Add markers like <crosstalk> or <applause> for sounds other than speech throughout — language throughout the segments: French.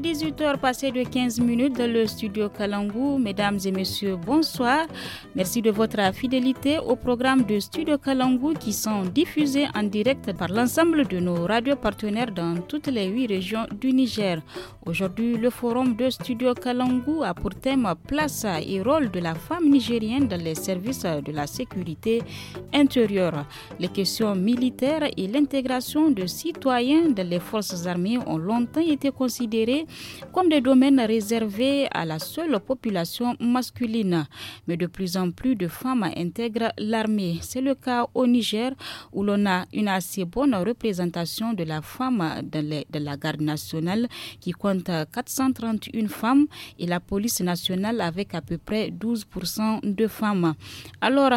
18h passé de 15 minutes dans le studio Kalangou. Mesdames et messieurs, bonsoir. Merci de votre fidélité au programme de Studio Kalangou qui sont diffusés en direct par l'ensemble de nos radios partenaires dans toutes les huit régions du Niger. Aujourd'hui, le forum de Studio Kalangou a pour thème place et rôle de la femme nigérienne dans les services de la sécurité intérieure. Les questions militaires et l'intégration de citoyens dans les forces armées ont longtemps été considérées comme des domaines réservés à la seule population masculine. Mais de plus en plus de femmes intègrent l'armée. C'est le cas au Niger où l'on a une assez bonne représentation de la femme de la garde nationale qui compte 431 femmes et la police nationale avec à peu près 12% de femmes. Alors,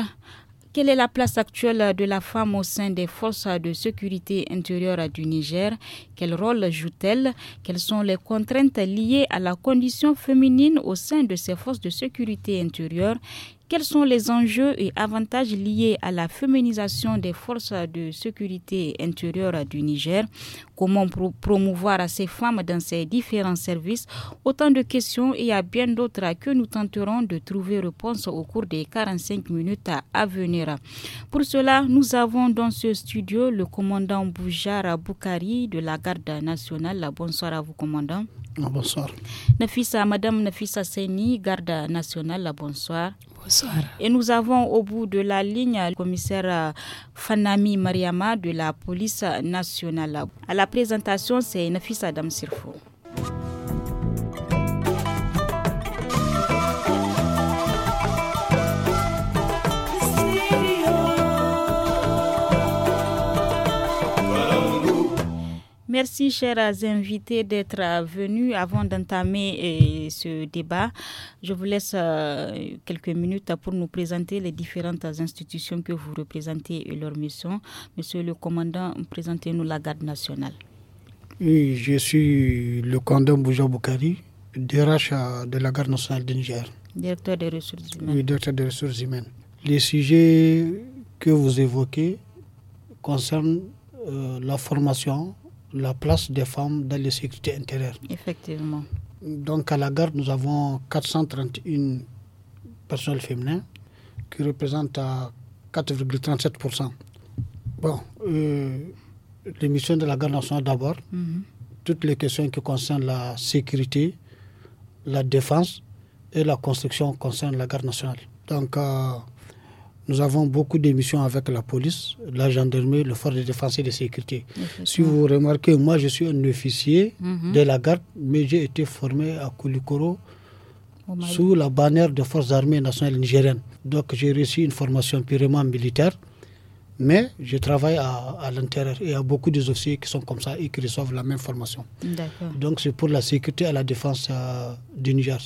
quelle est la place actuelle de la femme au sein des forces de sécurité intérieure du Niger Quel rôle joue-t-elle Quelles sont les contraintes liées à la condition féminine au sein de ces forces de sécurité intérieure quels sont les enjeux et avantages liés à la féminisation des forces de sécurité intérieure du Niger Comment promouvoir ces femmes dans ces différents services Autant de questions et à bien d'autres que nous tenterons de trouver réponse au cours des 45 minutes à venir. Pour cela, nous avons dans ce studio le commandant Boujara Boukari de la garde nationale. Bonsoir à vous, commandant. Ah, bonsoir. Nafisa, Madame Nafisa Seni, garde nationale, bonsoir. Et nous avons au bout de la ligne le commissaire Fanami Mariama de la police nationale. À la présentation, c'est Nafis Adam Sirfo. Merci, chers invités, d'être venus. Avant d'entamer euh, ce débat, je vous laisse euh, quelques minutes pour nous présenter les différentes institutions que vous représentez et leur mission. Monsieur le commandant, présentez-nous la garde nationale. Oui, je suis le commandant Bouja Boukari, DRH de la garde nationale du Niger. Directeur des ressources humaines. Oui, directeur Les sujets que vous évoquez concernent euh, la formation, la place des femmes dans les sécurités intérieures. Effectivement. Donc à la garde, nous avons 431 personnels féminins qui représentent à 4,37%. Bon, euh, l'émission de la garde nationale d'abord, mhm. toutes les questions qui concernent la sécurité, la défense et la construction concernent la garde nationale. Donc euh, nous avons beaucoup d'émissions avec la police, la gendarmerie, le force de défense et de sécurité. Si vous remarquez, moi je suis un officier mhm. de la garde, mais j'ai été formé à Koulikoro sous la bannière des forces armées nationales nigériennes. Donc j'ai reçu une formation purement militaire, mais je travaille à, l'intérieur et il y a beaucoup d'officiers qui sont comme ça et qui reçoivent la même formation. Donc c'est pour la sécurité et la défense euh, du Niger,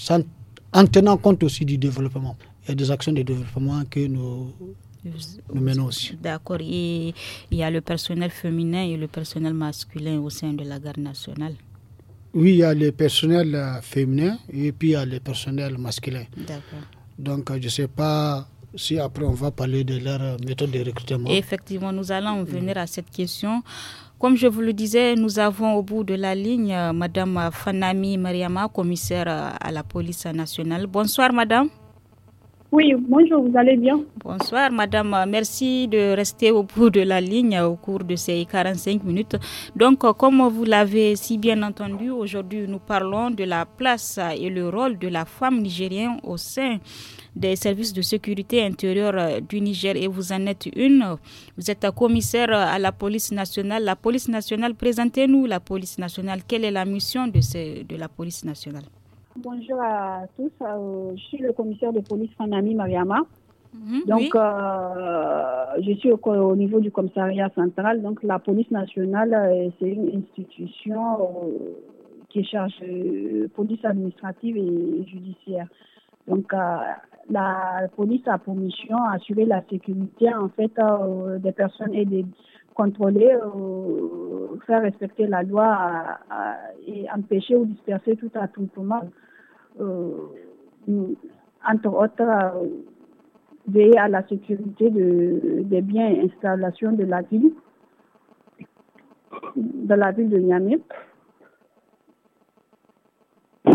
en tenant compte aussi du développement il y a des actions de développement que nous, nous menons aussi. D'accord. Et il y a le personnel féminin et le personnel masculin au sein de la garde nationale. Oui, il y a le personnel euh, féminin et puis il y a le personnel masculin. D'accord. Donc, euh, je ne sais pas si après on va parler de leur euh, méthode de recrutement. Effectivement, nous allons venir à cette question. Comme je vous le disais, nous avons au bout de la ligne Madame Fanami Mariama, commissaire à la police nationale. Bonsoir, Madame. Oui, bonjour, vous allez bien Bonsoir, madame. Euh, merci de rester au bout de la ligne au cours de ces 45 minutes. Donc, euh, comme vous l'avez si bien entendu, aujourd'hui, nous parlons de la place et le rôle de la femme nigérienne au sein des services de sécurité intérieure euh, du Niger et vous en êtes une. Vous êtes commissaire à la police nationale. La police nationale, présentez-nous la police nationale. Quelle est la mission de, ce, de la police nationale Bonjour à tous. Euh, je suis le commissaire de police Fanami Mariama. Mhm, donc, euh, je suis au, niveau du commissariat central. Donc, la police nationale, euh, c'est une institution qui est chargée police administrative et judiciaire. Donc, la police a pour mission assurer la sécurité en fait des personnes et des contrôler, faire respecter la loi et empêcher ou disperser tout attroupement euh, entre autres, veiller à la sécurité des biens et installations de la ville, de la ville de Niamey.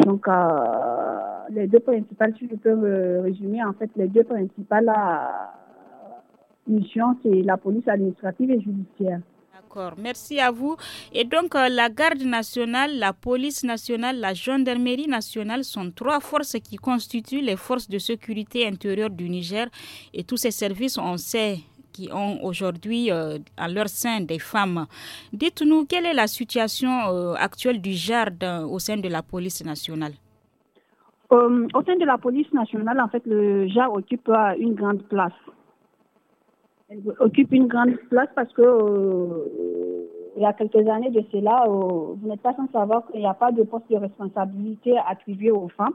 Donc, euh, les deux principales, si je peux me résumer, en fait, les deux principales euh, missions, c'est la police administrative et judiciaire. D'accord, merci à vous. Et donc, euh, la garde nationale, la police nationale, la gendarmerie nationale sont trois forces qui constituent les forces de sécurité intérieure du Niger. Et tous ces services, on sait qui ont aujourd'hui euh, à leur sein des femmes. Dites-nous, quelle est la situation euh, actuelle du jardin au sein de la police nationale Au sein de la police nationale, en fait, le JAR occupe une grande place elle occupe une grande place parce que euh, il y a quelques années de cela, euh, vous n'êtes pas sans savoir qu'il n'y a pas de poste de responsabilité attribué aux femmes.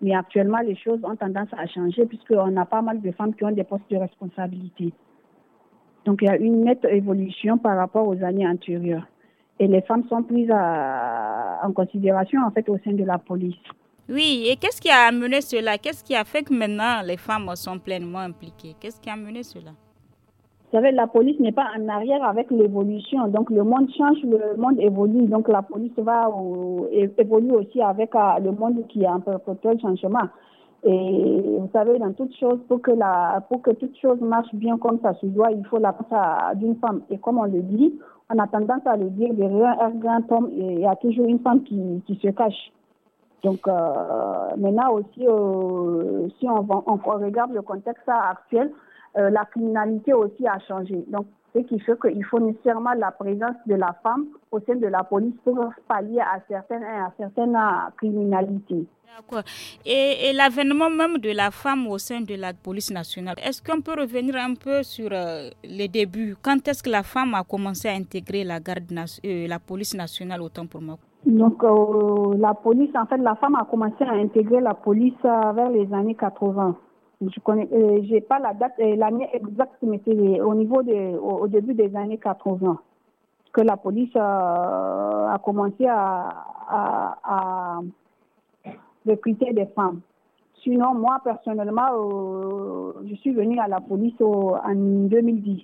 Mais actuellement, les choses ont tendance à changer puisqu'on a pas mal de femmes qui ont des postes de responsabilité. Donc il y a une nette évolution par rapport aux années antérieures. Et les femmes sont prises en considération en fait au sein de la police. Oui, et qu'est-ce qui a amené cela Qu'est-ce qui a fait que maintenant les femmes sont pleinement impliquées Qu'est-ce qui a amené cela vous savez, la police n'est pas en arrière avec l'évolution. Donc le monde change, le monde évolue. Donc la police va euh, évoluer aussi avec euh, le monde qui est peu perpétuel changement. Et vous savez, dans toutes choses, pour que, la, pour que toute chose marche bien comme ça se doit, il faut la place d'une femme. Et comme on le dit, on a tendance à le dire, derrière un grand homme, il y a toujours une femme qui, se cache. Donc euh, maintenant aussi, si on regarde le contexte actuel, euh, la criminalité aussi a changé. Donc, ce qui fait qu'il faut nécessairement la présence de la femme au sein de la police pour pallier à certaines, à certaines euh, criminalités. D'accord. Et, l'avènement même de la femme au sein de la police nationale, est-ce qu'on peut revenir un peu sur euh, les débuts Quand est-ce que la femme a commencé à intégrer la, garde, la police nationale autant pour moi donc la police, en fait, la femme a commencé à intégrer la police vers les années 80 je connais, euh, j'ai pas la date, euh, l'année exacte, mais c'est au niveau de, au, début des années 80 que la police a commencé à, à, recruter des femmes. Sinon, moi personnellement, euh, je suis venue à la police en 2010.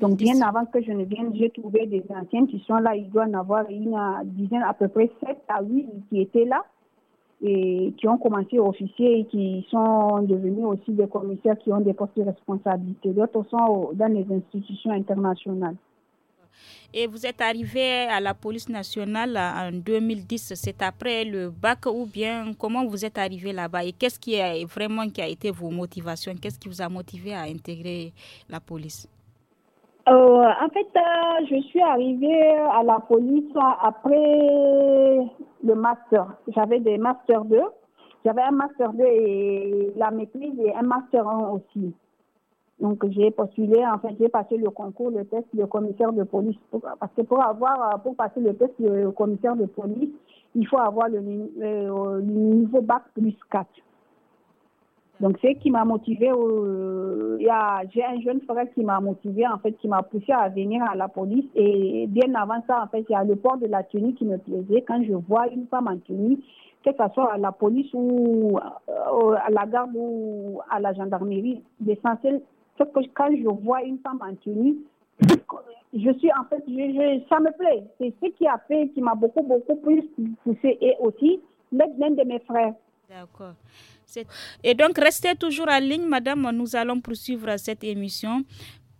Donc bien avant que je ne vienne, j'ai trouvé des anciens qui sont là. Ils doit en avoir une dizaine, à peu près 7 à 8 qui étaient là et qui ont commencé officiers et qui sont devenus aussi des commissaires qui ont des postes de responsabilité. D'autres sont dans les institutions internationales. Et vous êtes arrivé à la police nationale en 2010, c'est après le bac ou bien comment vous êtes arrivé là-bas et qu'est-ce qui a vraiment qui a été vos motivations, qu'est-ce qui vous a motivé à intégrer la police euh, en fait, euh, je suis arrivée à la police après le master. J'avais des master 2. J'avais un master 2 et la maîtrise et un master 1 aussi. Donc j'ai postulé, en fait, j'ai passé le concours, le test de commissaire de police. Parce que pour avoir, euh, pour passer le test de commissaire de police, il faut avoir le niveau bac plus 4. Donc, c'est qui m'a motivé. J'ai un jeune frère qui m'a motivé, en fait, qui m'a poussé à venir à la police. Et bien avant ça, en fait, il y a le port de la tenue qui me plaisait. Quand je vois une femme en tenue, que ce soit à la police ou euh, à la garde ou à la gendarmerie, l'essentiel, que quand je vois une femme en tenue, je suis en fait, ça me plaît. C'est ce qui a fait, qui m'a beaucoup, beaucoup plus poussé. Et aussi, l'aide d'un de mes frères. D'accord. Et donc, restez toujours en ligne, madame. Nous allons poursuivre cette émission.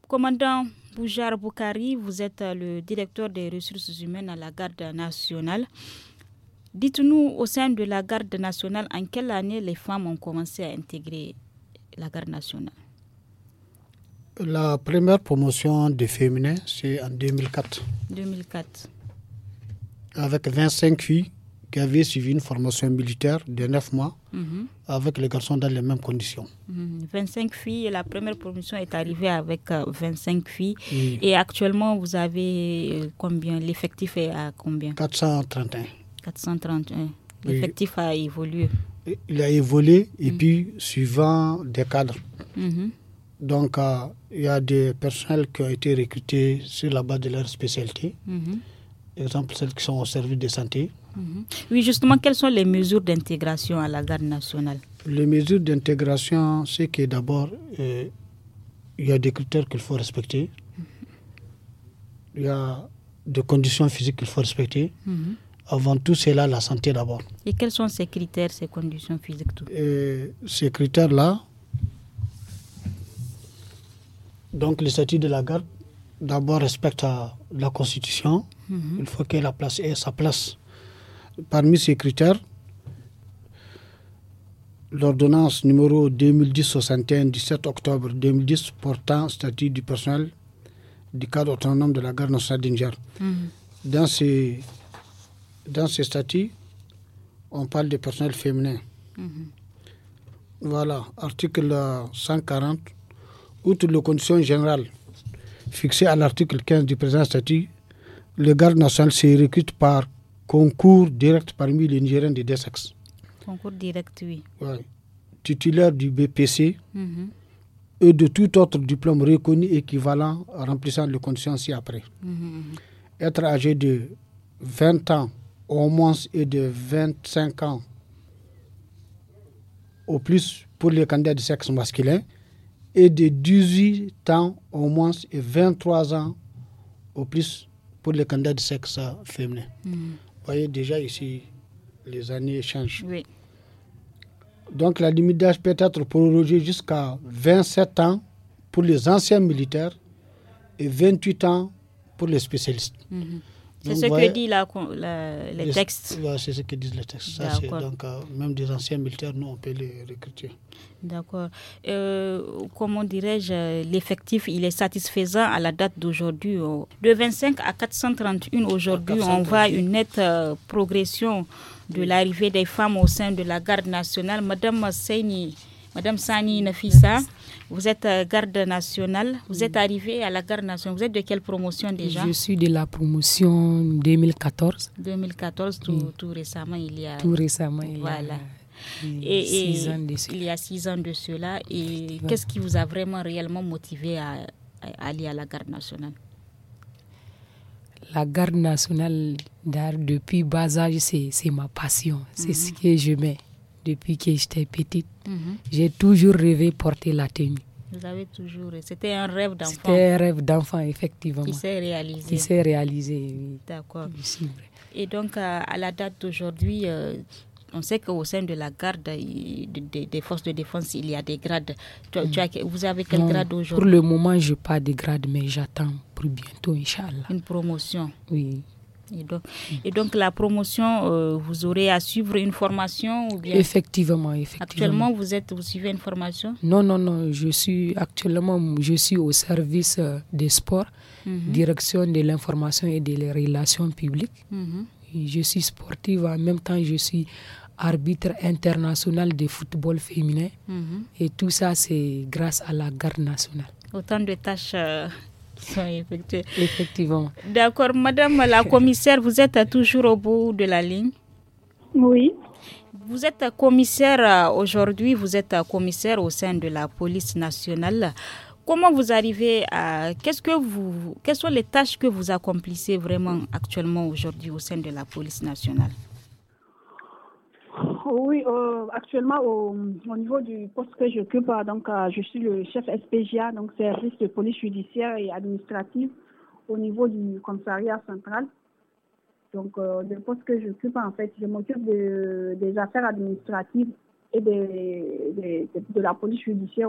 Commandant Boujar Boukari, vous êtes le directeur des ressources humaines à la garde nationale. Dites-nous, au sein de la garde nationale, en quelle année les femmes ont commencé à intégrer la garde nationale La première promotion des féminins, c'est en 2004. 2004. Avec 25 filles qui avait suivi une formation militaire de 9 mois mhm. avec les garçons dans les mêmes conditions. 25 mhm. filles, la première promotion est arrivée avec 25 euh, filles. Et actuellement, vous avez euh, combien L'effectif est à combien 431. 431. L'effectif a évolué. Il a évolué et mhm. puis suivant des cadres. Donc, euh, il y a des personnels qui ont été recrutés sur la base de leur spécialité. Exemple, celles qui sont au service de santé, Mhm. Oui, justement, quelles sont les mesures d'intégration à la garde nationale Les mesures d'intégration, c'est que d'abord, euh, il y a des critères qu'il faut respecter. Mhm. Il y a des conditions physiques qu'il faut respecter. Mhm. Avant tout, c'est là la santé d'abord. Et quels sont ces critères, ces conditions physiques Ces critères-là, donc le statut de la garde, d'abord respecte la Constitution. Il faut que la place ait sa place Parmi ces critères, l'ordonnance numéro 2010-61 17 octobre 2010 portant statut du personnel du cadre autonome de la garde nationale d'Injar. Mhm. Dans ces, dans ces statuts, on parle de personnel féminin. Mhm. Voilà, article 140, outre les conditions générales fixées à l'article 15 du présent statut, le garde national se recrute par concours direct parmi les Nigériens de deux sexes. Concours direct, oui. Titulaire du BPC mhm. et de tout autre diplôme reconnu équivalent remplissant les conditions ci-après. Mhm, mhm. Être âgé de 20 ans au moins et de 25 ans au plus pour les candidats de sexe masculin et de 18 ans au moins et 23 ans au plus pour les candidats de sexe féminin voyez déjà ici, les années changent. Donc la limite d'âge peut être prolongée jusqu'à 27 ans pour les anciens militaires et 28 ans pour les spécialistes. Mhm. C'est ce que dit la, les, textes. c'est ce que disent les textes. donc, euh, même des anciens militaires, nous, on peut les recruter. D'accord. Euh, comment dirais-je, l'effectif, il est satisfaisant à la date d'aujourd'hui. Oh. De 25 à 431 aujourd'hui, on voit une nette euh, progression de l'arrivée des femmes au sein de la garde nationale. Madame Seini, Madame Sani Nafisa, vous êtes euh, garde nationale. Vous êtes arrivée à la garde nationale. Vous êtes de quelle promotion déjà Je suis de la promotion 2014. 2014, tout, récemment, il y a. Tout récemment, six ans de cela. il y a six ans de cela. Et qu'est-ce qui vous a vraiment réellement motivé à, aller à la garde nationale la garde nationale depuis bas âge, c'est ma passion, c'est ce mhm. que je mets depuis que j'étais petite. Mhm. J'ai toujours rêvé porter la tenue. Vous avez toujours. C'était un rêve d'enfant. C'était un rêve d'enfant, effectivement. Qui s'est réalisé. Qui s'est réalisé, oui. D'accord. Et donc, à la date d'aujourd'hui, euh, on sait qu'au sein de la garde des forces de défense, il y a des grades. Mm. vous avez quel grade aujourd'hui Pour le moment, je n'ai pas de grade, mais j'attends pour bientôt, Inch'Allah. Une promotion Oui. Et donc, et donc, la promotion, euh, vous aurez à suivre une formation ou bien Effectivement, effectivement. Actuellement, vous êtes, vous suivez une formation Non, non, non. Je suis actuellement, je suis au service euh, des sports, mhm. direction de l'information et des relations publiques. Mhm. Je suis sportive en même temps, je suis arbitre international de football féminin. Mhm. Et tout ça, c'est grâce à la garde nationale. Autant de tâches. Euh, <laughs> Effectivement. D'accord, Madame la <laughs> commissaire, vous êtes toujours au bout de la ligne Oui. Vous êtes commissaire euh, aujourd'hui, vous êtes euh, commissaire au sein de la police nationale. Comment vous arrivez à. Qu'est-ce que vous. Quelles sont les tâches que vous accomplissez vraiment actuellement aujourd'hui au sein de la police nationale oui, euh, actuellement, au, niveau du poste que j'occupe, euh, donc, euh, je suis le chef SPGA, donc service de police judiciaire et administrative au niveau du commissariat central. Donc, le poste que j'occupe, en fait, je m'occupe des affaires administratives et de, la police judiciaire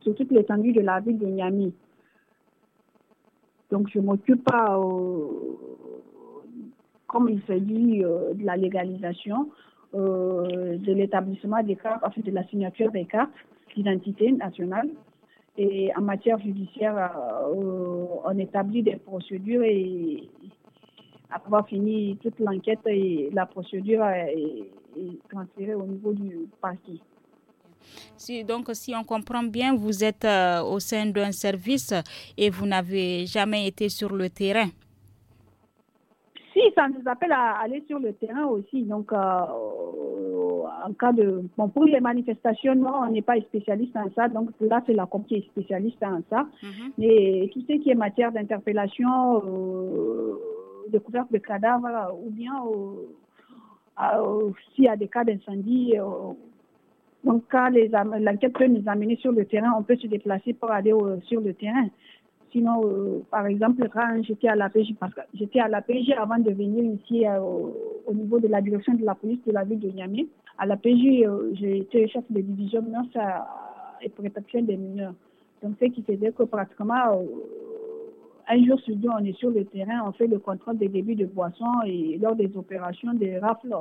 sur toute l'étendue de la ville de Miami. Donc, je m'occupe pas comme il s'agit dit, de la légalisation, euh, de l'établissement des cartes, enfin de la signature des cartes d'identité nationale. Et en matière judiciaire, euh, on établit des procédures et après avoir fini toute l'enquête, la procédure est, transférée au niveau du parquet. Si, donc, si on comprend bien, vous êtes euh, au sein d'un service et vous n'avez jamais été sur le terrain si ça nous appelle à aller sur le terrain aussi. Donc, euh, euh, en cas de. Bon, pour les manifestations, non, on n'est pas spécialiste en ça. Donc, là, c'est la compagnie qui est spécialiste en ça. Mhm. Mais tout ce qui est matière d'interpellation, euh, de découverte de cadavres, ou bien s'il y a des cas d'incendie, donc quand l'enquête peut nous amener sur le terrain, on peut se déplacer pour aller sur le terrain. Sinon, euh, par exemple, quand j'étais à la PJ, parce que j'étais à la PJ avant de venir ici euh, au niveau de la direction de la police de la ville de Niamey. À la PJ, euh, j'étais chef de division menace et protection des mineurs. Donc, ce qui faisait que pratiquement, un jour sur deux, on est sur le terrain, on fait le contrôle des débits de boissons et lors des opérations des rafles.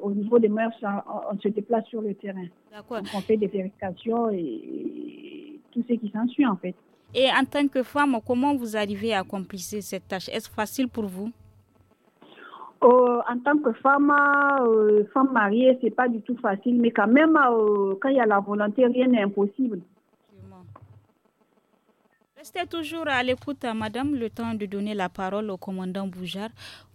au niveau des mœurs, on, se déplace sur le terrain. on fait des vérifications et tout ce qui s'ensuit, en fait. Et en tant que femme, comment vous arrivez à accomplir cette tâche Est-ce facile pour vous oh, en tant que femme, euh, femme mariée, c'est pas du tout facile, mais quand même, euh, quand il y a la volonté, rien n'est impossible. Restez toujours à l'écoute, madame, le temps de donner la parole au commandant Boujard.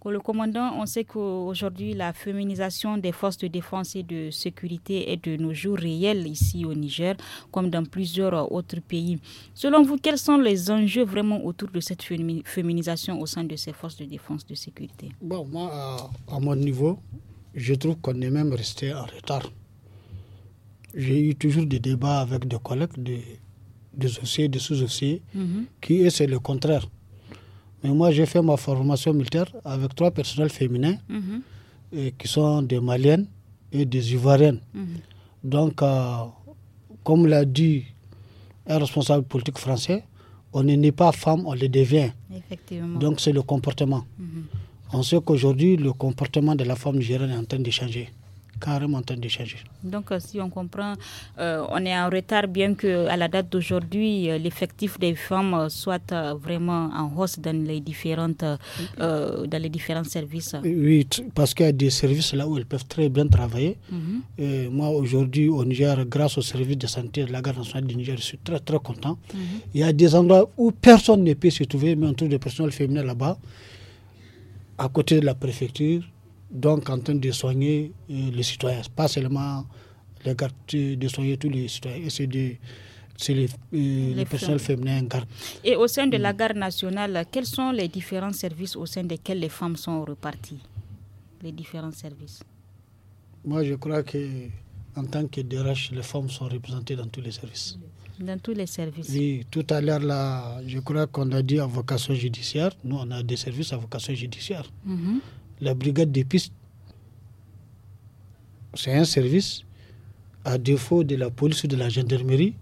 le commandant, on sait qu'aujourd'hui, la féminisation des forces de défense et de sécurité est de nos jours réelle ici au Niger, comme dans plusieurs autres pays. Selon vous, quels sont les enjeux vraiment autour de cette féminisation au sein de ces forces de défense de sécurité Bon, moi, à, mon niveau, je trouve qu'on est même resté en retard. J'ai eu toujours des débats avec des collègues de des officiers, des sous-officiers, mhm. qui eux, c'est le contraire. Mais moi, j'ai fait ma formation militaire avec trois personnels féminins mhm. et qui sont des Maliennes et des Ivoiriennes. Mhm. Donc, euh, comme l'a dit un responsable politique français, on n'est pas femme, on le devient. Donc, c'est le comportement. On sait qu'aujourd'hui, le comportement de la femme nigérienne est en train de changer carrément en train de changer. Donc, euh, si on comprend, euh, on est en retard, bien que à la date d'aujourd'hui, euh, l'effectif des femmes soit vraiment en hausse dans les, différentes, dans les différents services. Oui, parce qu'il y a des services là où elles peuvent très bien travailler. Mhm. moi, aujourd'hui, au Niger, grâce au service de santé de la Garde nationale du Niger, je suis très, très content. Mhm. Il y a des endroits où personne ne peut se trouver, mais on trouve des personnels féminins là-bas, à côté de la préfecture donc en train de soigner euh, les citoyens, pas seulement les gardes, de soigner tous les citoyens, c'est les, euh, personnel féminin garde. Et au sein de la mm. garde nationale, quels sont les différents services au sein desquels les femmes sont reparties Les différents services Moi, je crois que en tant que DRH, les femmes sont représentées dans tous les services. Dans tous les services. Oui, tout à l'heure, je crois qu'on a dit avocation judiciaire. Nous, on a des services à vocation judiciaire. Mm-hmm la brigade des pistes, c'est un service, à défaut de la police ou de la gendarmerie,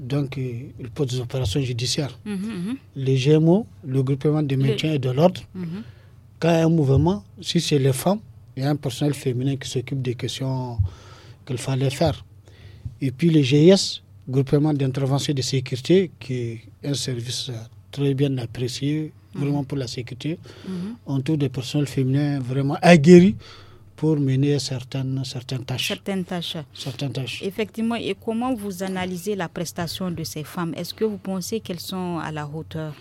donc euh, il pose des opérations judiciaires. Mmh, mmh, mmh. Les GMO, le groupement de maintien et de l'ordre, quand il y a un mouvement, si c'est les femmes, il y a un personnel féminin qui s'occupe des questions qu'il fallait faire. Et puis le GIS, groupement d'intervention de sécurité, qui est un service euh, très bien apprécié vraiment pour la sécurité, autour mhm. des personnes féminines vraiment aguerris pour mener certaines, certaines tâches. Certaines tâches. Effectivement. Et comment vous analysez la prestation de ces femmes Est-ce que vous pensez qu'elles sont à la hauteur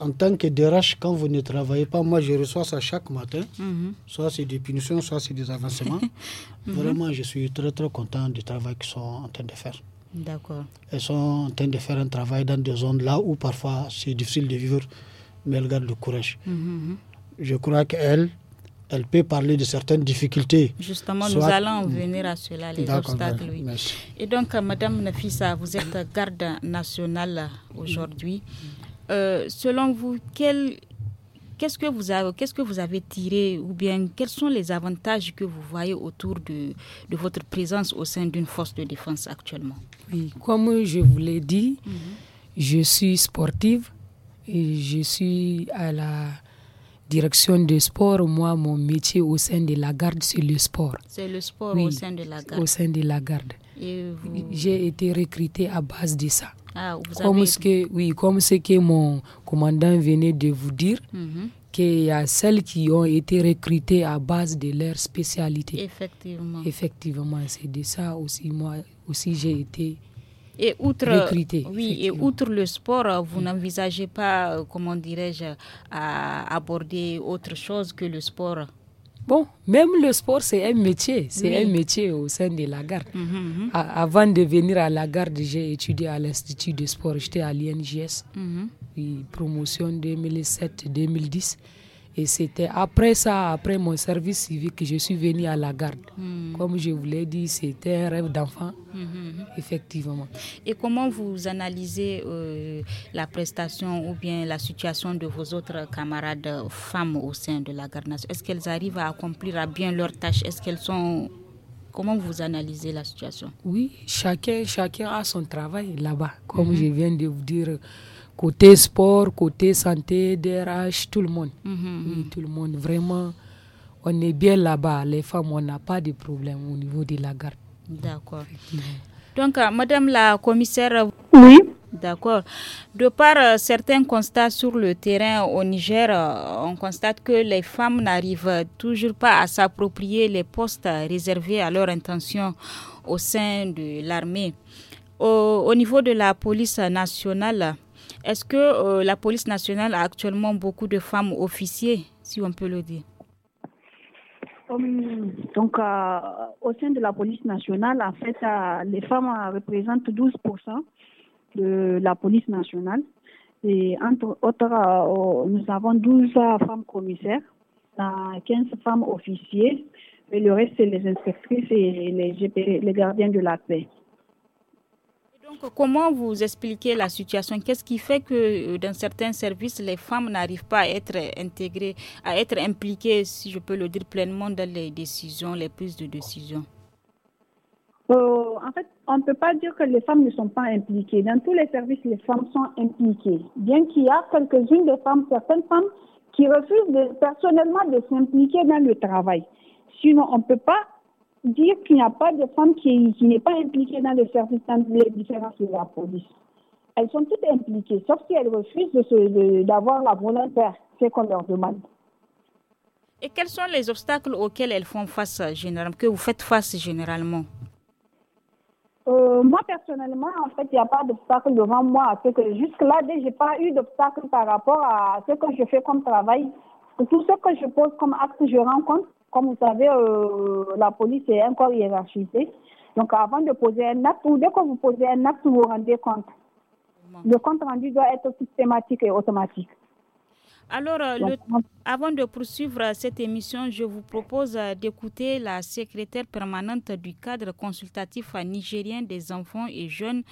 En tant que DRH, quand vous ne travaillez pas, moi je reçois ça chaque matin. Mhm. Soit c'est des punitions, soit c'est des avancements. <laughs> Mhm. Vraiment, je suis très très content du travail qu'ils sont en train de faire. D'accord. Elles sont en train de faire un travail dans des zones là où parfois c'est difficile de vivre mais elle garde le courage. Mhm, mhm. Je crois qu'elle, elle peut parler de certaines difficultés. Justement, nous allons venir à cela, les obstacles. Et donc, euh, Madame Nafissa vous êtes garde nationale aujourd'hui. Euh, selon vous, quel... qu'est-ce que vous avez, qu'est-ce que vous avez tiré, ou bien quels sont les avantages que vous voyez autour de, de votre présence au sein d'une force de défense actuellement Oui, comme je vous l'ai dit, mhm. je suis sportive je suis à la direction de sport. Moi, mon métier au sein de la garde, c'est le sport. C'est le sport au sein de la garde. Au sein de la garde. J'ai été recrutée à base de ça. Ah, vous comme avez... ce que, oui, comme ce que mon commandant venait de vous dire, mhm. qu'il y a celles qui ont été recrutées à base de leur spécialité. Effectivement. Effectivement, c'est de ça aussi, moi aussi, j'ai été et outre, oui, et outre le sport, vous n'envisagez pas, euh, comment dirais-je, à aborder autre chose que le sport Bon, même le sport, c'est un métier. C'est un métier au sein de la garde. Mhm, mhm. avant de venir à la garde, j'ai étudié à l'Institut de sport. J'étais à l'INGS, mhm. promotion 2007-2010. Et c'était après ça, après mon service civique, que je suis venue à la garde. Hmm. Comme je vous l'ai dit, c'était un rêve d'enfant, hmm, hmm, effectivement. Et comment vous analysez euh, la prestation ou bien la situation de vos autres camarades femmes au sein de la garde Est-ce qu'elles arrivent à accomplir à bien leurs tâches Est-ce qu'elles sont Comment vous analysez la situation Oui, chacun, chacun a son travail là-bas, comme je viens de vous dire. Côté sport, côté santé, DRH, tout le monde. Mhm, mhm. tout le monde. Vraiment, on est bien là-bas. Les femmes, on n'a pas de problème au niveau de la garde. D'accord. Donc, euh, Madame la commissaire. Oui. D'accord. De par euh, certains constats sur le terrain au Niger, euh, on constate que les femmes n'arrivent toujours pas à s'approprier les postes réservés à leur intention au sein de l'armée. au, niveau de la police nationale, est-ce que euh, la police nationale a actuellement beaucoup de femmes officiers, si on peut le dire donc, euh, au sein de la police nationale, en fait, euh, les femmes représentent 12% de la police nationale. Et entre autres, nous avons 12 femmes commissaires, 15 femmes officiers, et le reste, c'est les inspectrices et les gardiens de la paix. Donc, comment vous expliquez la situation Qu'est-ce qui fait que euh, dans certains services, les femmes n'arrivent pas à être intégrées, à être impliquées, si je peux le dire pleinement, dans les décisions, les prises de décision euh, en fait, on ne peut pas dire que les femmes ne sont pas impliquées. Dans tous les services, les femmes sont impliquées. Bien qu'il y a quelques-unes de femmes, certaines femmes, qui refusent personnellement de s'impliquer dans le travail. Sinon, on ne peut pas dire qu'il n'y a pas de femme qui, n'est pas impliquée dans le service dans les différents de la police. Elles sont toutes impliquées, sauf si elles refusent d'avoir la volontaire, c'est qu'on leur demande. Et quels sont les obstacles auxquels elles font face généralement, que vous faites face généralement euh, moi, personnellement, en fait, il n'y a pas d'obstacle devant moi. que jusque-là, je n'ai pas eu d'obstacle par rapport à ce que je fais comme travail. Tout ce que je pose comme acte, je rencontre. Comme vous savez, euh, la police est encore hiérarchisée. Donc avant de poser un acte, ou dès que vous posez un acte, vous vous rendez compte. Le compte rendu doit être systématique et automatique. Alors, euh, avant de poursuivre cette émission, je vous propose euh, d'écouter la secrétaire permanente du cadre consultatif nigérien des enfants et jeunes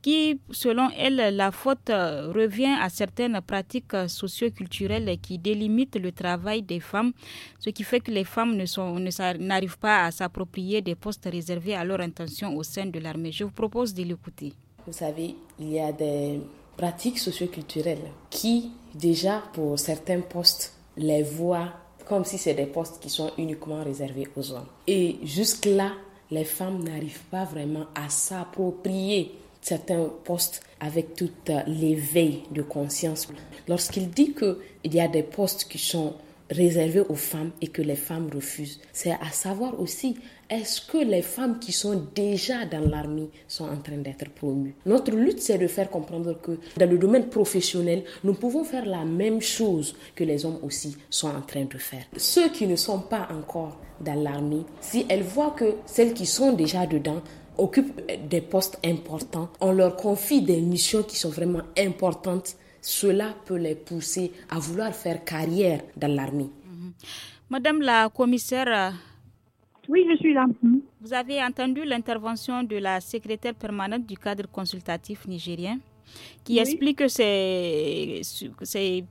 qui, selon elle, la faute euh, revient à certaines pratiques socioculturelles qui délimitent le travail des femmes, ce qui fait que les femmes n'arrivent ne pas à s'approprier des postes réservés à leur intention au sein de l'armée. Je vous propose de l'écouter. Vous savez, il y a des pratiques socioculturelles qui, déjà pour certains postes, les voient comme si c'est des postes qui sont uniquement réservés aux hommes. Et jusque-là, les femmes n'arrivent pas vraiment à s'approprier certains postes avec toute euh, l'éveil de conscience. Lorsqu'il dit qu'il y a des postes qui sont réservé aux femmes et que les femmes refusent. C'est à savoir aussi, est-ce que les femmes qui sont déjà dans l'armée sont en train d'être promues Notre lutte, c'est de faire comprendre que dans le domaine professionnel, nous pouvons faire la même chose que les hommes aussi sont en train de faire. Ceux qui ne sont pas encore dans l'armée, si elles voient que celles qui sont déjà dedans occupent des postes importants, on leur confie des missions qui sont vraiment importantes cela peut les pousser à vouloir faire carrière dans l'armée. Mhm. Madame la commissaire, oui, je suis là. Mhm. Vous avez entendu l'intervention de la secrétaire permanente du cadre consultatif nigérien qui explique que c'est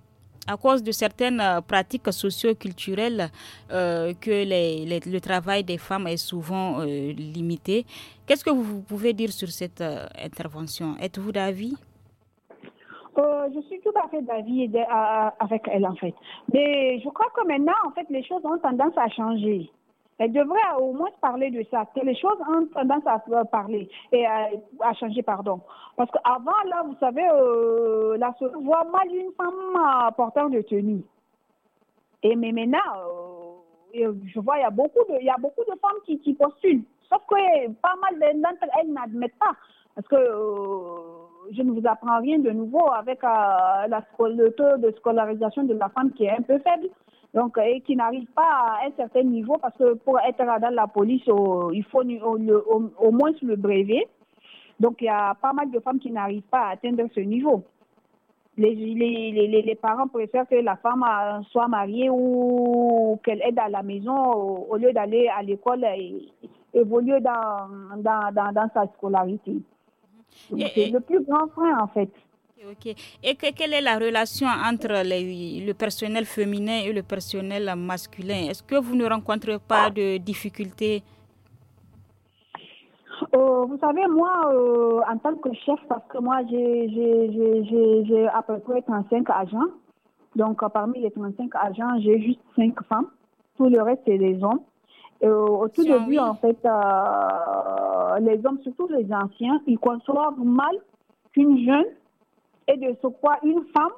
à cause de certaines euh, pratiques socio-culturelles euh, que le travail des femmes est souvent euh, limité. Qu'est-ce que vous pouvez dire sur cette intervention Êtes-vous d'avis euh, je suis tout à fait d'avis avec elle, en fait. Mais je crois que maintenant, en fait, les choses ont tendance à changer. Elle devrait au moins parler de ça, que les choses ont tendance à euh, parler et à, changer, pardon. Parce qu'avant, là, vous savez, euh, la voit mal une femme euh, portant de tenue. Et mais maintenant, je vois, il y a beaucoup de, il y a beaucoup de femmes qui, qui postulent. Sauf que pas mal d'entre elles n'admettent pas. Parce que je ne vous apprends rien de nouveau avec euh, le taux de scolarisation de la femme qui est un peu faible. Donc, et qui n'arrive pas à un certain niveau parce que pour être dans la police, il faut au, moins le brevet. Donc, il y a pas mal de femmes qui n'arrivent pas à atteindre ce niveau. Les, parents préfèrent que la femme euh, soit mariée ou qu'elle aide à la maison au lieu d'aller à l'école et évoluer dans sa scolarité le plus grand frein, en fait. Et quelle est la relation entre le personnel féminin et le personnel masculin Est-ce que vous ne rencontrez pas de difficultés euh, vous savez, moi, euh, en tant que chef, parce que moi, j'ai à peu près 35 agents. Donc, euh, parmi les 35 agents, j'ai juste 5 femmes. Tout le reste, c'est des hommes. Et, au tout début, en fait, euh, les hommes, surtout les anciens, ils conçoivent mal qu'une jeune et de ce quoi une femme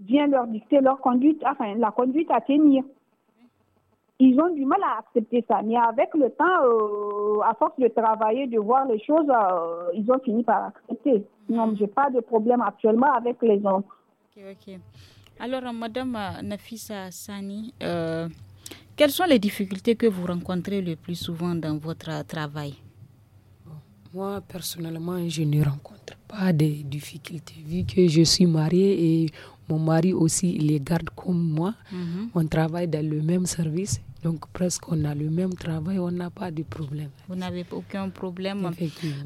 vient leur dicter leur conduite, enfin la conduite à tenir. Ils ont du mal à accepter ça, mais avec le temps, euh, à force de travailler, de voir les choses, euh, ils ont fini par accepter. Non, j'ai pas de problème actuellement avec les hommes. Alors, Madame Nafisa Sani, quelles sont les difficultés que vous rencontrez le plus souvent dans votre travail moi, personnellement, je ne rencontre pas de difficultés vu que je suis mariée et mon mari aussi, il est garde comme moi. Mhm. On travaille dans le même service. Donc presque on a le même travail, on n'a pas de problème. Vous n'avez aucun problème.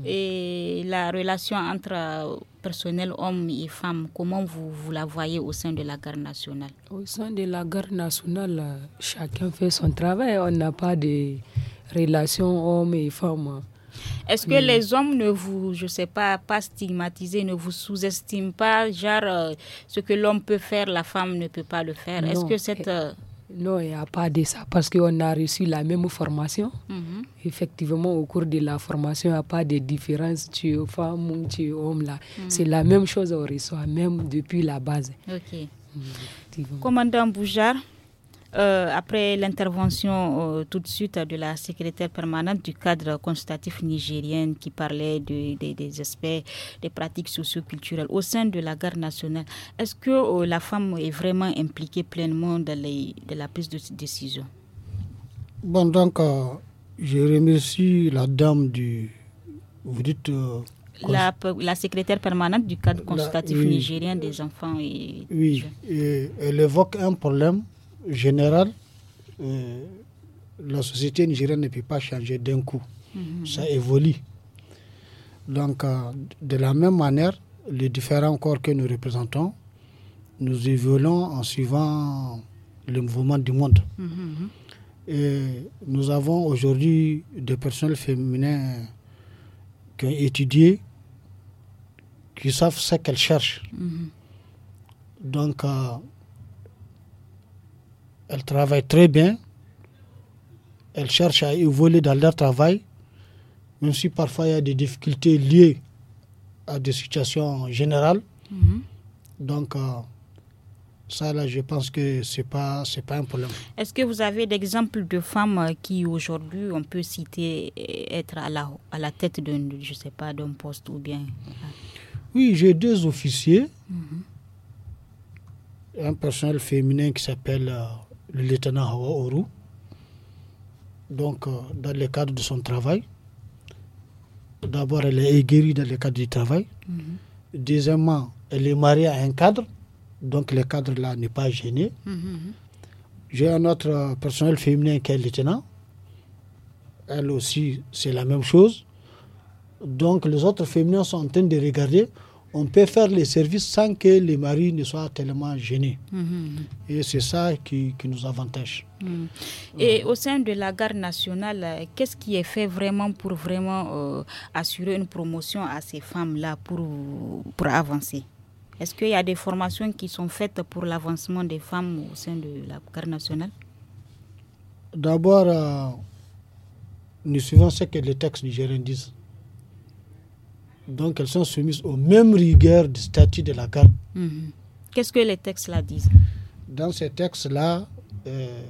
Et la relation entre euh, personnel homme et femme, comment vous, vous la voyez au sein de la garde nationale Au sein de la garde nationale, euh, chacun fait son travail. On n'a pas de relation homme et femme. Est-ce que les hommes ne vous, je sais pas, pas stigmatisés, ne vous sous-estiment pas, genre euh, ce que l'homme peut faire, la femme ne peut pas le faire Est-ce que cette... Euh, eh, non, il n'y a pas de ça parce qu'on a reçu la même formation. Mhm. Effectivement, au cours de la formation, il n'y a pas de différence. Tu es femme tu es homme. là. Mhm. C'est la même chose, on reçoit même depuis la base. Ok. Mhm, Commandant Boujard, euh, après l'intervention euh, tout de suite de la secrétaire permanente du cadre consultatif nigérien qui parlait des aspects des pratiques socioculturelles au sein de la garde nationale, est-ce que euh, la femme est vraiment impliquée pleinement dans, la prise de décision Bon, donc, je remercie la dame du. Vous dites. La, secrétaire permanente du cadre consultatif nigérien des enfants et. Oui, elle évoque un problème général, euh, la société nigérienne ne peut pas changer d'un coup. Mhm. Ça évolue. Donc, euh, de la même manière, les différents corps que nous représentons, nous évoluons en suivant le mouvement du monde. Mhm. Et nous avons aujourd'hui des personnels féminins qui ont étudié, qui savent ce qu'elles cherchent. Mhm. Donc, euh, elles travaillent très bien. Elles cherchent à évoluer dans leur travail. Même si parfois il y a des difficultés liées à des situations générales. Mhm. Donc, euh, ça, là, je pense que ce n'est pas, c'est pas un problème. Est-ce que vous avez d'exemples de femmes euh, qui, aujourd'hui, on peut citer être à la, à la tête d'un, je sais pas, d'un poste ou bien... Oui, j'ai deux officiers. Mhm. Un personnel féminin qui s'appelle euh, le lieutenant Hawa Oru, donc euh, dans le cadre de son travail. D'abord, elle est guérie dans le cadre du travail. Mhm. Deuxièmement, elle est mariée à un cadre, donc le cadre-là n'est pas gêné. Mhm, mhm. J'ai un autre euh, personnel féminin qui est lieutenant. Elle aussi, c'est la même chose. Donc les autres féminins sont en train de regarder on peut faire les services sans que les maris ne soient tellement gênés. Mhm. Et c'est ça qui, nous avantage. Mhm. Et au sein de la garde nationale, qu'est-ce qui est fait vraiment pour vraiment euh, assurer une promotion à ces femmes-là pour, pour avancer Est-ce qu'il y a des formations qui sont faites pour l'avancement des femmes au sein de la garde nationale D'abord, euh, nous suivons ce que les textes nigériens disent. Donc elles sont soumises aux mêmes rigueurs du statut de la garde. Mhm. Qu'est-ce que les textes la disent Dans ces textes-là, euh,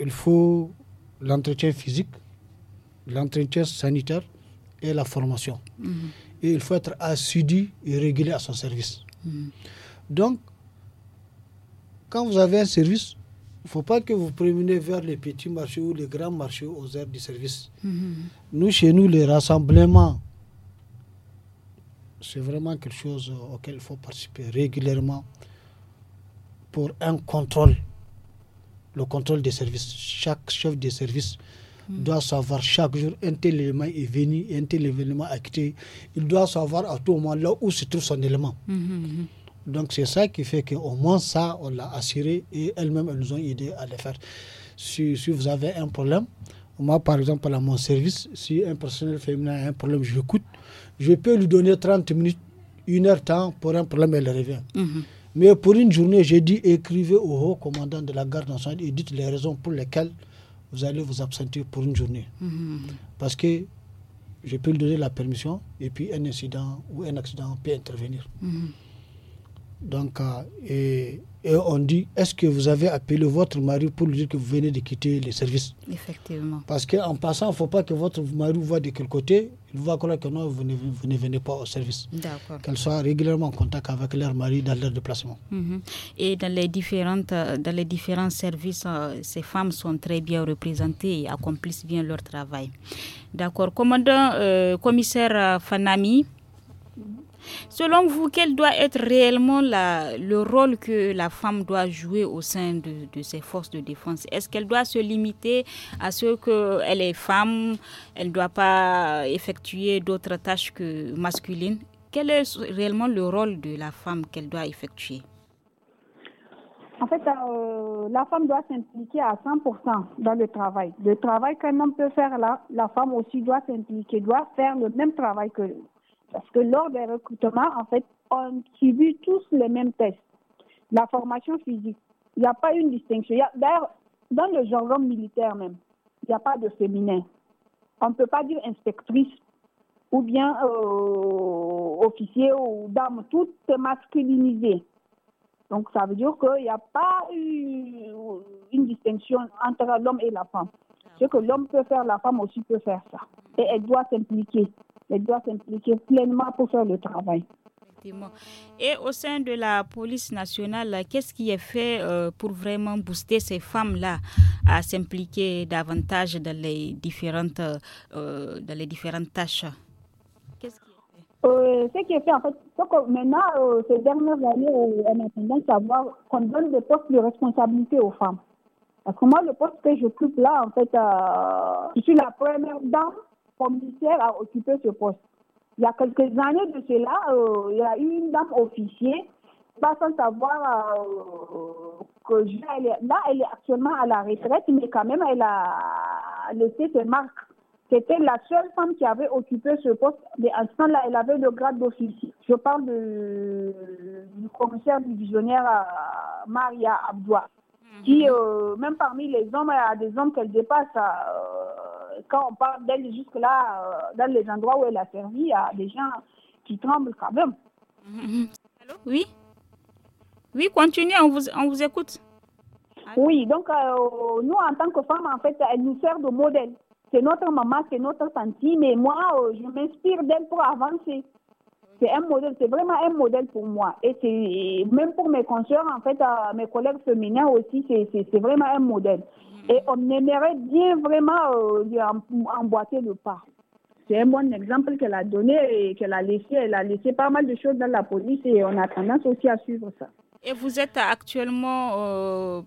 il faut l'entretien physique, l'entretien sanitaire et la formation. Mhm. Et il faut être assidu et régulier à son service. Mhm. Donc, quand vous avez un service, ne faut pas que vous promenez vers les petits marchés ou les grands marchés aux aires du service. Mhm. Nous, chez nous, les rassemblements, c'est vraiment quelque chose auquel il faut participer régulièrement pour un contrôle, le contrôle des services. Chaque chef de service mhm. doit savoir chaque jour un tel élément est venu, un tel événement est Il doit savoir à tout moment là où se trouve son élément. Mhm, donc c'est ça qui fait qu'au moins ça, on l'a assuré et elles-mêmes, elles nous ont aidé à le faire. Si, vous avez un problème, moi par exemple, à mon service, si un personnel féminin a un problème, je l'écoute, je peux lui donner 30 minutes, une heure de temps pour un problème, elle revient. Mhm. Mais pour une journée, j'ai dit écrivez au haut commandant de la garde nationale et dites les raisons pour lesquelles vous allez vous absenter pour une journée. Mhm. Parce que je peux lui donner la permission et puis un incident ou un accident peut intervenir. Mhm. Donc, euh, et, on dit, est-ce que vous avez appelé votre mari pour lui dire que vous venez de quitter les services Effectivement. Parce qu'en passant, il ne faut pas que votre mari voit de quel côté, il voit croire que non, vous ne, venez pas au service. D'accord. Qu'elle soit régulièrement en contact avec leur mari dans leur déplacement. Mm-hmm. Et dans les, différentes, euh, dans les différents services, euh, ces femmes sont très bien représentées et accomplissent bien leur travail. D'accord. Commandant, commissaire Fanami, Selon vous, quel doit être réellement le rôle que la femme doit jouer au sein de, ses forces de défense Est-ce qu'elle doit se limiter à ce qu'elle est femme, elle ne doit pas effectuer d'autres tâches que masculines Quel est réellement le rôle de la femme qu'elle doit effectuer en fait, euh, la femme doit s'impliquer à 100% dans le travail. Le travail qu'un homme peut faire là, la femme aussi doit s'impliquer, doit faire le même travail que, parce que lors des recrutements, en fait, on subit tous les mêmes tests. La formation physique, il n'y a pas une distinction. D'ailleurs, dans le jargon militaire même, il n'y a pas de féminin. On ne peut pas dire inspectrice ou bien euh, officier ou dame, tout est masculinisé. Donc ça veut dire qu'il n'y a pas eu une distinction entre l'homme et la femme. Ce que l'homme peut faire, la femme aussi peut faire ça. Et elle doit s'impliquer elle doit s'impliquer pleinement pour faire le travail. Et au sein de la police nationale, qu'est-ce qui est fait euh, pour vraiment booster ces femmes-là à s'impliquer davantage dans les différentes, euh, dans les différentes tâches quest -ce, qui est fait euh, ce qui est fait, en fait, que maintenant, ces dernières années, on a tendance à voir qu'on donne des postes de responsabilité aux femmes. Parce que moi, le poste que j'occupe là, en fait, je suis la première dame commissaire a occupé ce poste. Il y a quelques années de cela, euh, il y a eu une dame officier, pas sans savoir euh, que là, elle est actuellement à la retraite, mais quand même, elle a laissé ses marques. C'était la seule femme qui avait occupé ce poste, mais en ce moment là elle avait le grade d'officier. Je parle du commissaire divisionnaire euh, Maria Abdoua, mhm. qui, même parmi les hommes, il y a des hommes qu'elle dépasse quand on parle d'elle jusque-là, euh, dans les endroits où elle a servi, il y a des gens qui tremblent quand même. oui Oui, continuez, on vous, écoute. oui, donc euh, nous, en tant que femmes, en fait, elle nous sert de modèle. C'est notre maman, c'est notre tante, mais moi, euh, je m'inspire d'elle pour avancer. C'est un modèle, c'est vraiment un modèle pour moi. Et c'est même pour mes consoeurs, en fait, mes collègues féminins aussi, c'est vraiment un modèle. Et on aimerait bien vraiment euh, emboîter le pas. C'est un bon exemple qu'elle a donné et qu'elle a laissé. Elle a laissé pas mal de choses dans la police et on a tendance aussi à suivre ça. Et vous êtes actuellement euh,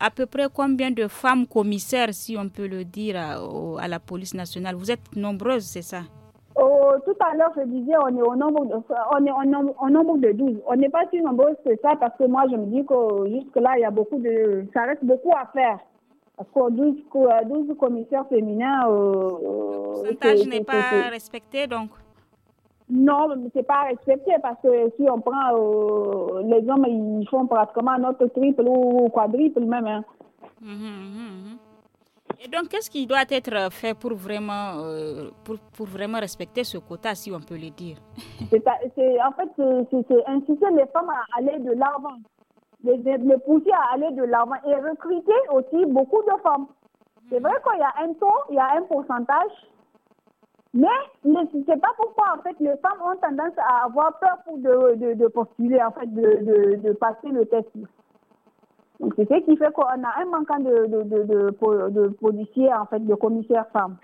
à peu près combien de femmes commissaires, si on peut le dire, à, la police nationale Vous êtes nombreuses, c'est ça oh, tout à l'heure, je disais, on est au nombre de, on au nombre, de 12. On n'est pas si nombreuses que ça parce que moi, je me dis que jusque-là, il y a beaucoup de, ça reste beaucoup à faire. Parce que 12, euh, commissaires féminins. Euh, le euh, pourcentage n'est pas respecté donc non, ce n'est pas respecté parce que si on prend les hommes, ils font pratiquement notre triple ou quadruple même. Hein. Mhm, mhm, mhm. Et donc, qu'est-ce qui doit être fait pour vraiment, pour, pour, vraiment respecter ce quota, si on peut le dire En fait, c'est inciter les femmes à aller de l'avant les, pousser à aller de l'avant et recruter aussi beaucoup de femmes. C'est vrai qu'il y a un taux, il y a un pourcentage, mais ce n'est pas pourquoi, en fait, les femmes ont tendance à avoir peur de, postuler, en fait, de, passer le test. Donc, c'est ce qui fait qu'on a un manquant de, policiers, en fait, de commissaires femmes.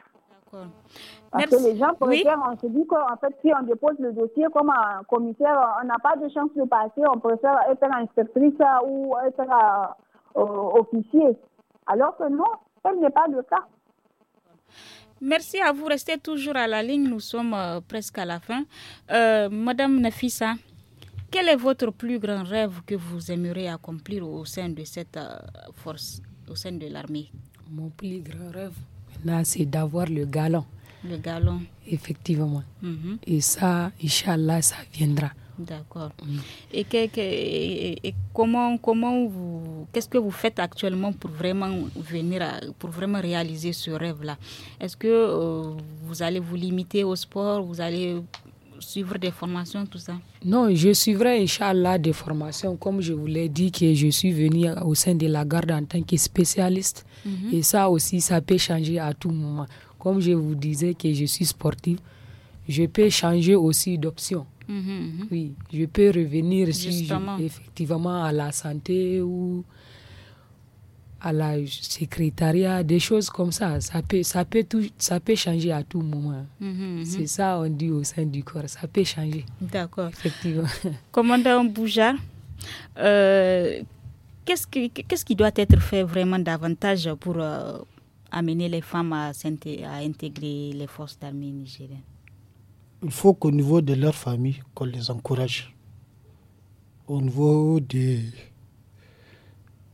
Parce que les gens préfèrent, on se dit qu'en fait, si on dépose le dossier comme un commissaire, on n'a pas de chance de passer, on préfère être inspectrice ou être un euh, officier. Alors que non, ce n'est pas le cas. Merci à vous. Restez toujours à la ligne. Nous sommes euh, presque à la fin. Euh, Madame Nafissa, quel est votre plus grand rêve que vous aimeriez accomplir au sein de cette force, au sein de l'armée Mon plus grand rêve, c'est d'avoir le galon. Le galon. Effectivement. Mhm. Et ça, Inch'Allah, ça viendra. D'accord. Et, que, et, comment, comment vous, qu'est-ce que vous faites actuellement pour vraiment venir, pour vraiment réaliser ce rêve-là Est-ce que euh, vous allez vous limiter au sport Vous allez suivre des formations, tout ça Non, je suivrai, Inch'Allah, des formations. Comme je vous l'ai dit, que je suis venu au sein de la garde en tant que spécialiste. Mhm. Et ça aussi, ça peut changer à tout moment. Comme je vous disais que je suis sportive, je peux changer aussi d'option. Mm-hmm, mm-hmm. Oui, je peux revenir effectivement à la santé ou à la secrétariat, des choses comme ça. Ça peut, ça peut, tout, ça peut changer à tout moment. Mm-hmm, C'est ça on dit au sein du corps, ça peut changer. D'accord. Effectivement. <laughs> Commandant Bouja, euh, qu'est-ce, qui doit être fait vraiment davantage pour... Euh, amener les femmes à, à intégrer les forces d'armée nigériennes Il faut qu'au niveau de leur famille, qu'on les encourage. Au niveau de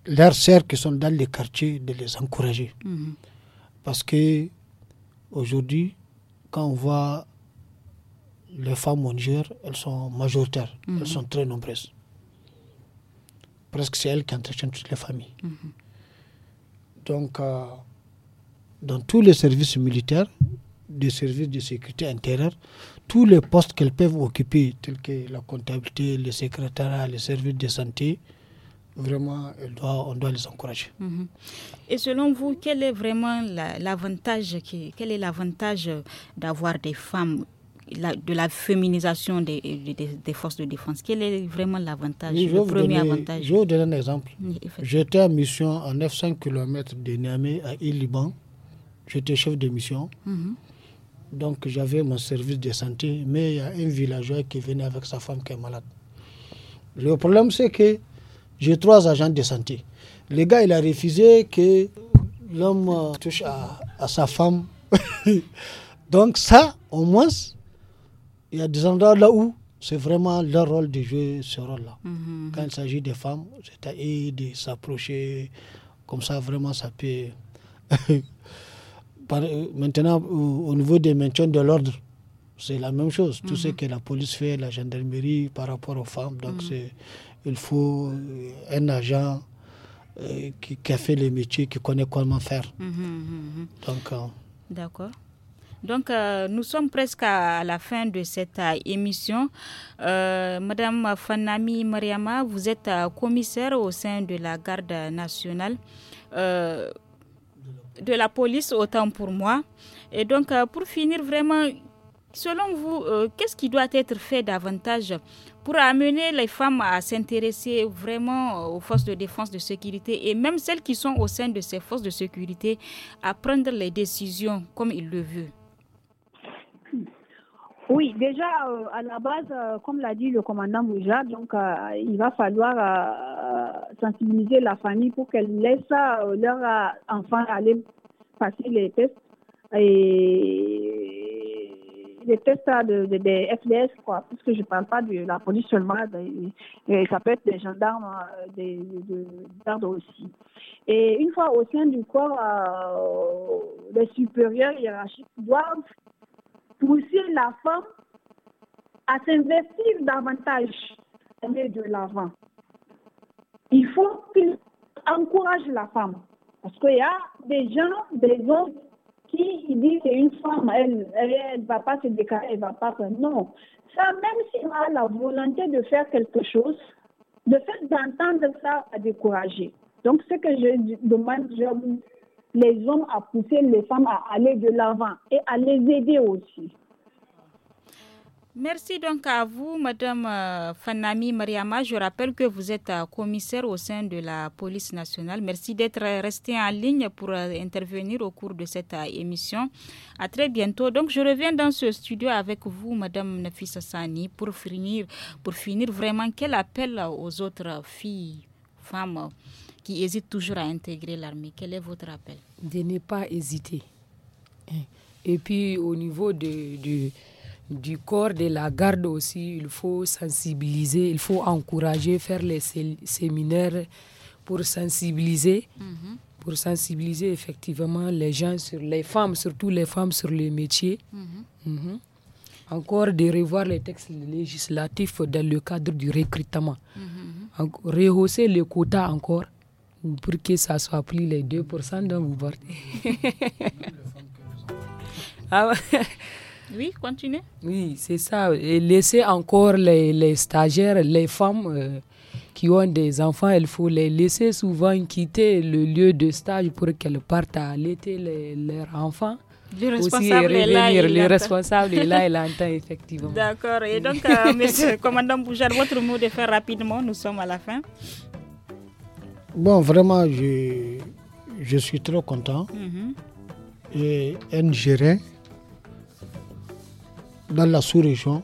leurs sœurs qui sont dans les quartiers, de les encourager. Mhm. Parce que aujourd'hui, quand on voit les femmes au Niger, elles sont majoritaires, mhm. elles sont très nombreuses. Presque c'est elles qui entretiennent toutes les familles. Mhm. Donc, euh, dans tous les services militaires, des services de sécurité intérieure, tous les postes qu'elles peuvent occuper, tels que la comptabilité, le secrétariat, les services de santé, vraiment, on doit les encourager. Mhm. Et selon vous, quel est vraiment l'avantage, quel est l'avantage d'avoir des femmes, de la féminisation des, forces de défense Quel est vraiment l'avantage, le premier avantage Je vais vous donner un exemple. J'étais en mission à 900 km de Niamey à Ile-Liban J'étais chef de mission. Mhm. Donc j'avais mon service de santé, mais il y a un villageois qui venait avec sa femme qui est malade. Le problème, c'est que j'ai trois agents de santé. Le gars, il a refusé que l'homme euh, touche à, sa femme. <laughs> Donc ça, au moins, il y a des endroits là où c'est vraiment leur rôle de jouer ce rôle-là. Mhm. Quand il s'agit des femmes, c'est à eux de s'approcher. Comme ça, vraiment, ça peut... <laughs> Euh, maintenant, au niveau des maintiens de l'ordre, c'est la même chose. Tout ce mhm. que la police fait, la gendarmerie par rapport aux femmes. Donc, mhm. il faut euh, un agent euh, qui, a fait le métier, qui connaît comment faire. Mhm, D'accord. Donc, nous sommes presque à la fin de cette émission. Madame Fanami Mariama, vous êtes commissaire au sein de la garde nationale de la police, autant pour moi. Et donc, euh, pour finir, vraiment, selon vous, euh, qu'est-ce qui doit être fait davantage pour amener les femmes à s'intéresser vraiment euh, aux forces de défense de sécurité et même celles qui sont au sein de ces forces de sécurité à prendre les décisions comme ils le veulent oui, déjà euh, à la base, euh, comme l'a dit le commandant Mouja, donc euh, il va falloir sensibiliser la famille pour qu'elle laisse leurs enfants aller passer les tests et les tests des FDS quoi, puisque je ne parle pas de la police seulement, ça peut être des gendarmes, des, gardes aussi. Et une fois au sein du corps, les supérieurs hiérarchiques doivent pousser la femme à s'investir davantage aller de l'avant. Il faut qu'il encourage la femme. Parce qu'il y a des gens, des hommes qui disent qu'une femme, elle ne va pas se déclarer, elle ne va pas faire. Non. Ça, même si elle a la volonté de faire quelque chose, de fait d'entendre ça a découragé. Donc, ce que je demande, je les hommes à pousser les femmes à aller de l'avant et à les aider aussi. Merci donc à vous, Madame euh, Fanami Mariama. Je rappelle que vous êtes euh, commissaire au sein de la police nationale. Merci d'être euh, restée en ligne pour intervenir au cours de cette émission. À très bientôt. Donc, je reviens dans ce studio avec vous, Madame Nafisa Sani, pour finir, pour finir vraiment quel appel aux autres filles, femmes qui hésitent toujours à intégrer l'armée. Quel est votre appel De ne pas hésiter. Hein. Et puis au niveau de, du corps de la garde aussi, il faut sensibiliser, il faut encourager, faire les séminaires pour sensibiliser. Mhm. Pour sensibiliser effectivement les gens sur les femmes, surtout les femmes sur les métiers. Mhm. Mhm. encore de revoir les textes législatifs dans le cadre du recrutement. Rehausser les quotas encore pour que ça soit plus les 2% dont vous portez. oui, continuez. Oui, c'est ça. Et laisser encore les, les stagiaires, les femmes euh, qui ont des enfants, il faut les laisser souvent quitter le lieu de stage pour qu'elles partent à l'été leurs enfants. Le responsable est là. le responsable est là, il <laughs> entend effectivement. D'accord. Et donc, euh, <laughs> M. le commandant Bouchard, votre mot de faire rapidement, nous sommes à la fin. Bon, vraiment, je, suis trop content. Mhm. Et un dans la sous-région,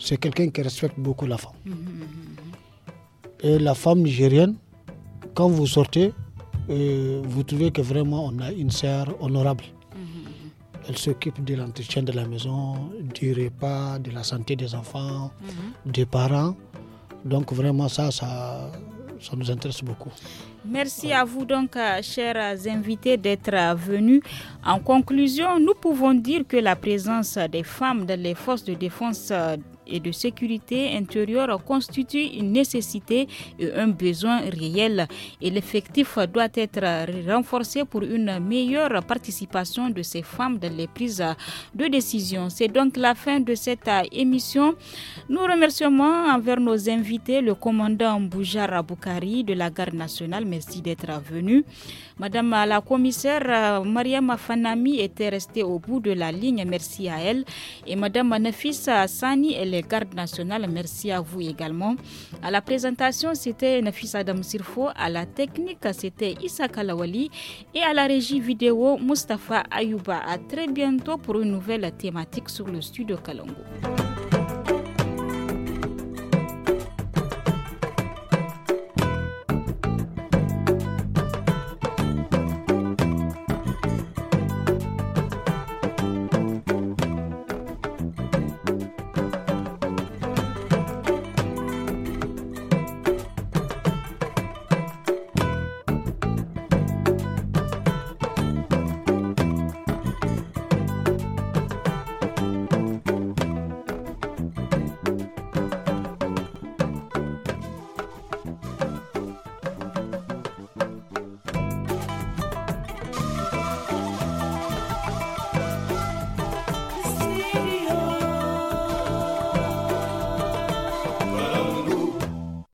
c'est quelqu'un qui respecte beaucoup la femme. Mhm, mhm, Et la femme nigérienne, quand vous sortez, euh, vous trouvez que vraiment on a une sœur honorable. Elle s'occupe de l'entretien de la maison, du repas, de la santé des enfants, des parents. Donc vraiment ça, ça, ça nous intéresse beaucoup. Merci à vous donc, euh, chers invités, d'être euh, venus. En conclusion, nous pouvons dire que la présence des femmes dans les forces de défense euh, et de sécurité intérieure constitue une nécessité et un besoin réel et l'effectif doit être renforcé pour une meilleure participation de ces femmes dans les prises de décision. C'est donc la fin de cette émission. Nous remercions envers nos invités le commandant Boujar Aboukari de la garde nationale. Merci d'être venu. Madame la commissaire Mariam Fanami était restée au bout de la ligne. Merci à elle. Et Madame Nafissa Sani, elle est garde nationale Merci à vous également. À la présentation, c'était Nafis Adam Sirfo. À la technique, c'était Issa Kalawali. Et à la régie vidéo, Mustapha Ayouba. À très bientôt pour une nouvelle thématique sur le studio Kalongo.